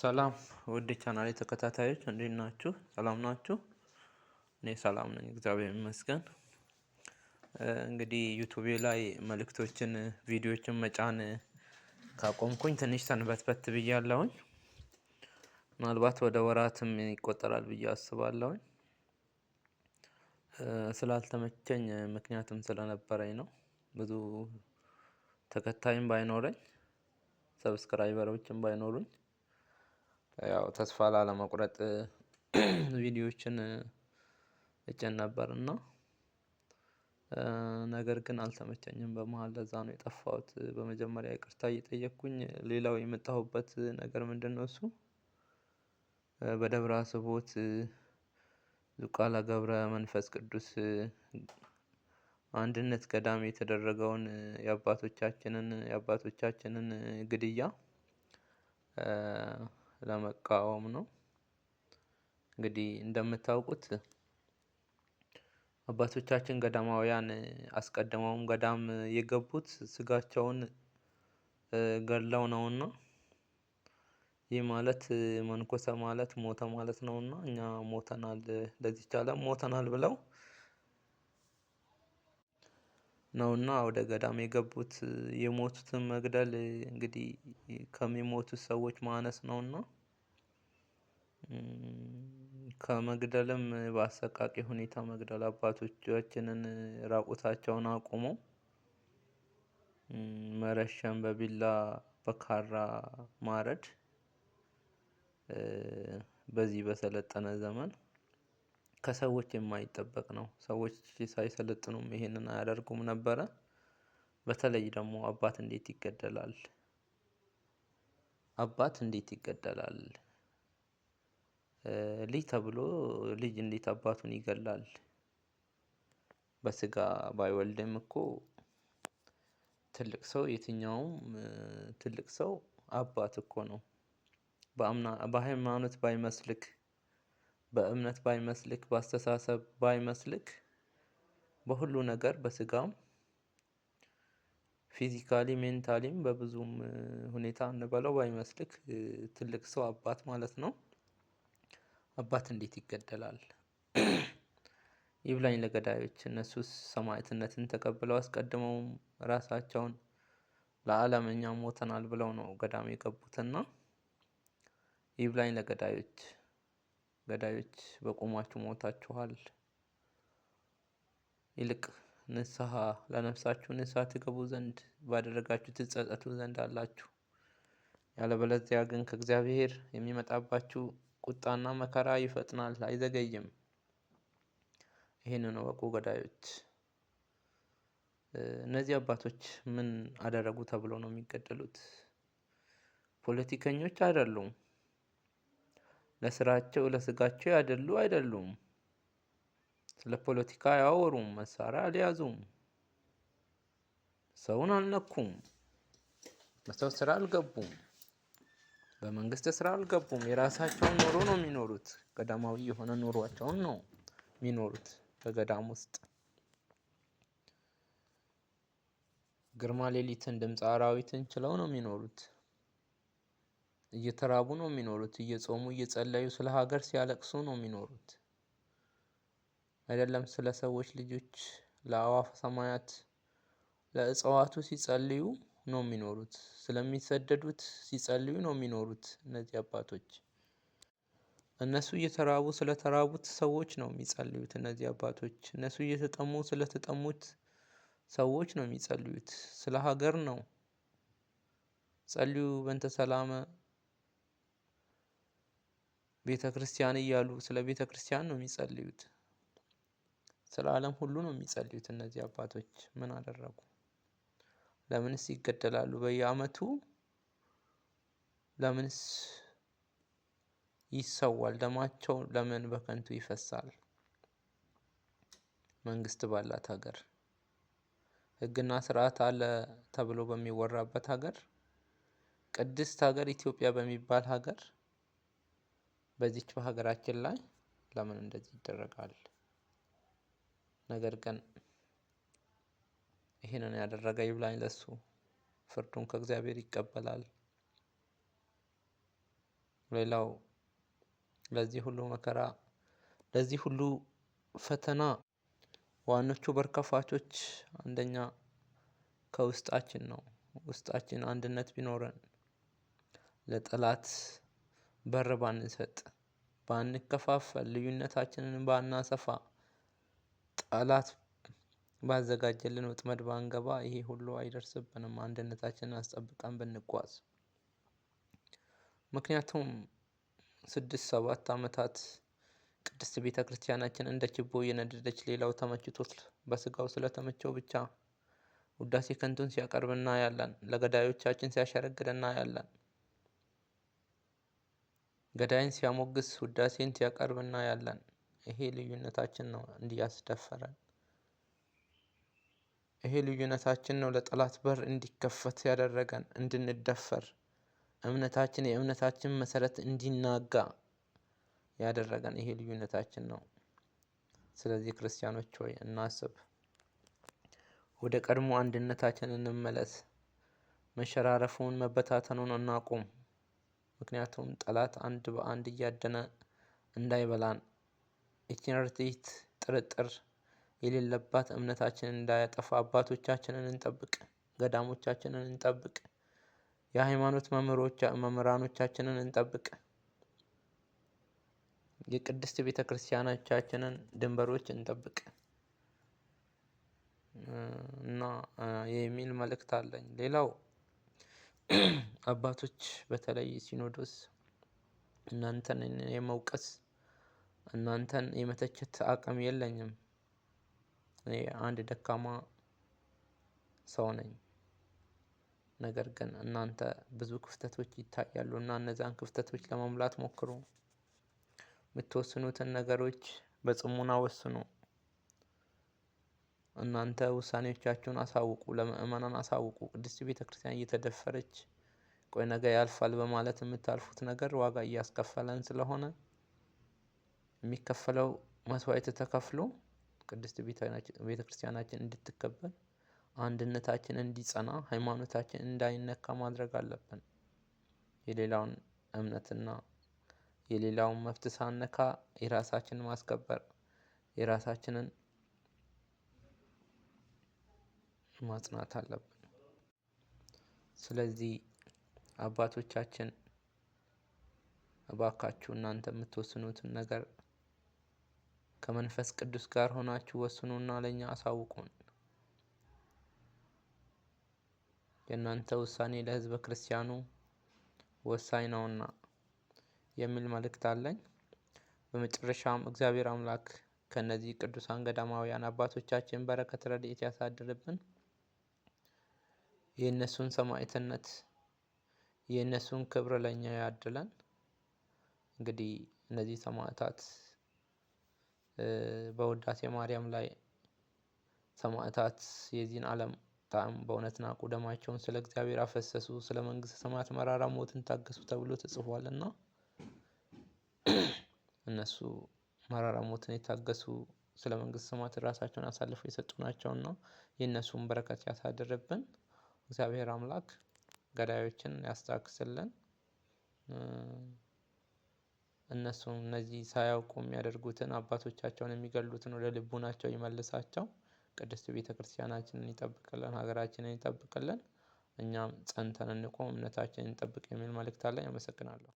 ሰላም ውድ ቻናሌ ተከታታዮች እንዴት ናችሁ? ሰላም ናችሁ? እኔ ሰላም ነኝ፣ እግዚአብሔር ይመስገን። እንግዲህ ዩቱቤ ላይ መልእክቶችን፣ ቪዲዮችን መጫን ካቆምኩኝ ትንሽ ሰንበትበት ብያለሁኝ። ምናልባት ወደ ወራትም ይቆጠራል ብዬ አስባለሁኝ። ስላልተመቸኝ ምክንያትም ስለነበረኝ ነው። ብዙ ተከታይም ባይኖረኝ ሰብስክራይበሮችም ባይኖሩኝ ያው ተስፋ ላለመቁረጥ ቪዲዮዎችን እጭን ነበር እና ነገር ግን አልተመቸኝም። በመሀል ለዛ ነው የጠፋሁት። በመጀመሪያ ይቅርታ እየጠየቅኩኝ፣ ሌላው የመጣሁበት ነገር ምንድን ነው እሱ በደብረ አስቦት ዙቃላ ገብረ መንፈስ ቅዱስ አንድነት ገዳም የተደረገውን የአባቶቻችንን የአባቶቻችንን ግድያ ለመቃወም ነው። እንግዲህ እንደምታውቁት አባቶቻችን ገዳማውያን አስቀድመውም ገዳም የገቡት ስጋቸውን ገለው ነውና ይህ ማለት መንኮሰ ማለት ሞተ ማለት ነውና እኛ ሞተናል፣ ለዚች ዓለም ሞተናል ብለው ነውና ወደ ገዳም የገቡት። የሞቱትን መግደል እንግዲህ ከሚሞቱት ሰዎች ማነስ ነውና ከመግደልም በአሰቃቂ ሁኔታ መግደል አባቶቻችንን ራቁታቸውን አቁሞ መረሸን፣ በቢላ በካራ ማረድ በዚህ በሰለጠነ ዘመን ከሰዎች የማይጠበቅ ነው። ሰዎች ሳይሰለጥኑም ይሄንን አያደርጉም ነበረ። በተለይ ደግሞ አባት እንዴት ይገደላል? አባት እንዴት ይገደላል? ልጅ ተብሎ ልጅ እንዴት አባቱን ይገላል? በስጋ ባይወልድም እኮ ትልቅ ሰው የትኛውም ትልቅ ሰው አባት እኮ ነው። በሃይማኖት ባይመስልክ፣ በእምነት ባይመስልክ፣ በአስተሳሰብ ባይመስልክ፣ በሁሉ ነገር በስጋም ፊዚካሊ ሜንታሊም በብዙም ሁኔታ እንበለው ባይመስልክ ትልቅ ሰው አባት ማለት ነው። አባት እንዴት ይገደላል? ይብላኝ ለገዳዮች። እነሱ ሰማዕትነትን ተቀብለው አስቀድመውም ራሳቸውን ለዓለም ሞተናል ብለው ነው ገዳም የገቡትና ይብላኝ ለገዳዮች። ገዳዮች በቁማችሁ ሞታችኋል። ይልቅ ንስሐ ለነፍሳችሁ ንስሐ ትገቡ ዘንድ ባደረጋችሁ ትጸጸቱ ዘንድ አላችሁ። ያለበለዚያ ግን ከእግዚአብሔር የሚመጣባችሁ ቁጣና መከራ ይፈጥናል አይዘገይም። ይህንን ወቁ ገዳዮች። እነዚህ አባቶች ምን አደረጉ ተብሎ ነው የሚገደሉት? ፖለቲከኞች አይደሉም። ለስራቸው ለስጋቸው ያደሉ አይደሉም። ስለ ፖለቲካ አያወሩም። መሳሪያ አልያዙም። ሰውን አልነኩም። በሰው ስራ አልገቡም። በመንግስት ስራ አልገቡም። የራሳቸውን ኑሮ ነው የሚኖሩት። ገዳማዊ የሆነ ኑሯቸውን ነው የሚኖሩት በገዳም ውስጥ። ግርማ ሌሊትን፣ ድምፅ አራዊትን ችለው ነው የሚኖሩት። እየተራቡ ነው የሚኖሩት። እየጾሙ እየጸለዩ ስለ ሀገር ሲያለቅሱ ነው የሚኖሩት። አይደለም ስለ ሰዎች ልጆች፣ ለአዋፍ ሰማያት፣ ለእጽዋቱ ሲጸልዩ ነው የሚኖሩት። ስለሚሰደዱት ሲጸልዩ ነው የሚኖሩት እነዚህ አባቶች። እነሱ እየተራቡ ስለተራቡት ሰዎች ነው የሚጸልዩት እነዚህ አባቶች። እነሱ እየተጠሙ ስለተጠሙት ሰዎች ነው የሚጸልዩት። ስለ ሀገር ነው ጸልዩ በእንተ ሰላመ ቤተ ክርስቲያን እያሉ ስለ ቤተ ክርስቲያን ነው የሚጸልዩት። ስለ ዓለም ሁሉ ነው የሚጸልዩት እነዚህ አባቶች ምን አደረጉ? ለምንስ ይገደላሉ በየአመቱ ለምንስ ይሰዋል? ደማቸው ለምን በከንቱ ይፈሳል? መንግስት ባላት ሀገር ህግና ስርዓት አለ ተብሎ በሚወራበት ሀገር ቅድስት ሀገር ኢትዮጵያ በሚባል ሀገር በዚች በሀገራችን ላይ ለምን እንደዚህ ይደረጋል? ነገር ግን ይህንን ያደረገ ይብላኝ ለሱ፣ ፍርዱን ከእግዚአብሔር ይቀበላል። ሌላው ለዚህ ሁሉ መከራ ለዚህ ሁሉ ፈተና ዋኖቹ በር ከፋቾች አንደኛ ከውስጣችን ነው። ውስጣችን አንድነት ቢኖረን ለጠላት በር ባንሰጥ፣ ባንከፋፈል፣ ልዩነታችንን ባናሰፋ ጠላት ባዘጋጀልን ወጥመድ ባንገባ ይሄ ሁሉ አይደርስብንም። አንድነታችንን አስጠብቀን ብንጓዝ ምክንያቱም ስድስት ሰባት ዓመታት ቅድስት ቤተ ክርስቲያናችን እንደ ችቦ እየነደደች ሌላው ተመችቶት በስጋው ስለተመቸው ብቻ ውዳሴ ከንቱን ሲያቀርብ እናያለን። ለገዳዮቻችን ሲያሸረግድ እናያለን። ገዳይን ሲያሞግስ ውዳሴን ሲያቀርብ እናያለን። ይሄ ልዩነታችን ነው እንዲያስደፈረን። ይሄ ልዩነታችን ነው ለጠላት በር እንዲከፈት ያደረገን እንድንደፈር እምነታችን የእምነታችን መሰረት እንዲናጋ ያደረገን ይሄ ልዩነታችን ነው። ስለዚህ ክርስቲያኖች ሆይ እናስብ፣ ወደ ቀድሞ አንድነታችን እንመለስ፣ መሸራረፉን መበታተኑን እናቁም። ምክንያቱም ጠላት አንድ በአንድ እያደነ እንዳይበላን የትንርቲት ጥርጥር የሌለባት እምነታችንን እንዳያጠፋ አባቶቻችንን እንጠብቅ፣ ገዳሞቻችንን እንጠብቅ፣ የሃይማኖት መምህራኖቻችንን እንጠብቅ፣ የቅድስት ቤተ ክርስቲያኖቻችንን ድንበሮች እንጠብቅ እና የሚል መልእክት አለኝ። ሌላው አባቶች በተለይ ሲኖዶስ እናንተን የመውቀስ እናንተን የመተቸት አቅም የለኝም። እኔ አንድ ደካማ ሰው ነኝ። ነገር ግን እናንተ ብዙ ክፍተቶች ይታያሉ እና እነዛን ክፍተቶች ለመሙላት ሞክሩ። የምትወስኑትን ነገሮች በጽሙና ወስኑ። እናንተ ውሳኔዎቻችሁን አሳውቁ፣ ለምእመናን አሳውቁ። ቅድስት ቤተ ክርስቲያን እየተደፈረች ቆይ ነገ ያልፋል በማለት የምታልፉት ነገር ዋጋ እያስከፈለን ስለሆነ የሚከፈለው መስዋዕት ተከፍሎ ቅድስት ቤተክርስቲያናችን እንድትከበር፣ አንድነታችን እንዲጸና፣ ሃይማኖታችን እንዳይነካ ማድረግ አለብን። የሌላውን እምነትና የሌላውን መፍት ሳነካ የራሳችንን ማስከበር የራሳችንን ማጽናት አለብን። ስለዚህ አባቶቻችን እባካችሁ እናንተ የምትወስኑትን ነገር ከመንፈስ ቅዱስ ጋር ሆናችሁ ወስኑና ለእኛ አሳውቁን። የእናንተ ውሳኔ ለህዝበ ክርስቲያኑ ወሳኝ ነውና የሚል መልእክት አለኝ። በመጨረሻም እግዚአብሔር አምላክ ከእነዚህ ቅዱሳን ገዳማውያን አባቶቻችን በረከት፣ ረድኤት ያሳድርብን። የእነሱን ሰማዕትነት የእነሱን ክብር ለእኛ ያድለን። እንግዲህ እነዚህ ሰማዕታት በውዳሴ ማርያም ላይ ሰማዕታት የዚህን ዓለም ጣዕም በእውነት ናቁ፣ ደማቸውን ስለ እግዚአብሔር አፈሰሱ፣ ስለ መንግስተ ሰማያት መራራ ሞትን ታገሱ ተብሎ ተጽፏል እና እነሱ መራራ ሞትን የታገሱ ስለ መንግስተ ሰማያት ራሳቸውን አሳልፈው የሰጡ ናቸውና የእነሱን በረከት ያሳደረብን እግዚአብሔር አምላክ ገዳዮችን ያስታክስልን። እነሱን እነዚህ ሳያውቁ የሚያደርጉትን አባቶቻቸውን የሚገሉትን ወደ ልቡናቸው ይመልሳቸው። ቅድስት ቤተ ክርስቲያናችንን ይጠብቅልን፣ ሀገራችንን ይጠብቅልን። እኛም ጸንተን እንቆም፣ እምነታችንን እንጠብቅ የሚል መልእክት አለኝ። አመሰግናለሁ።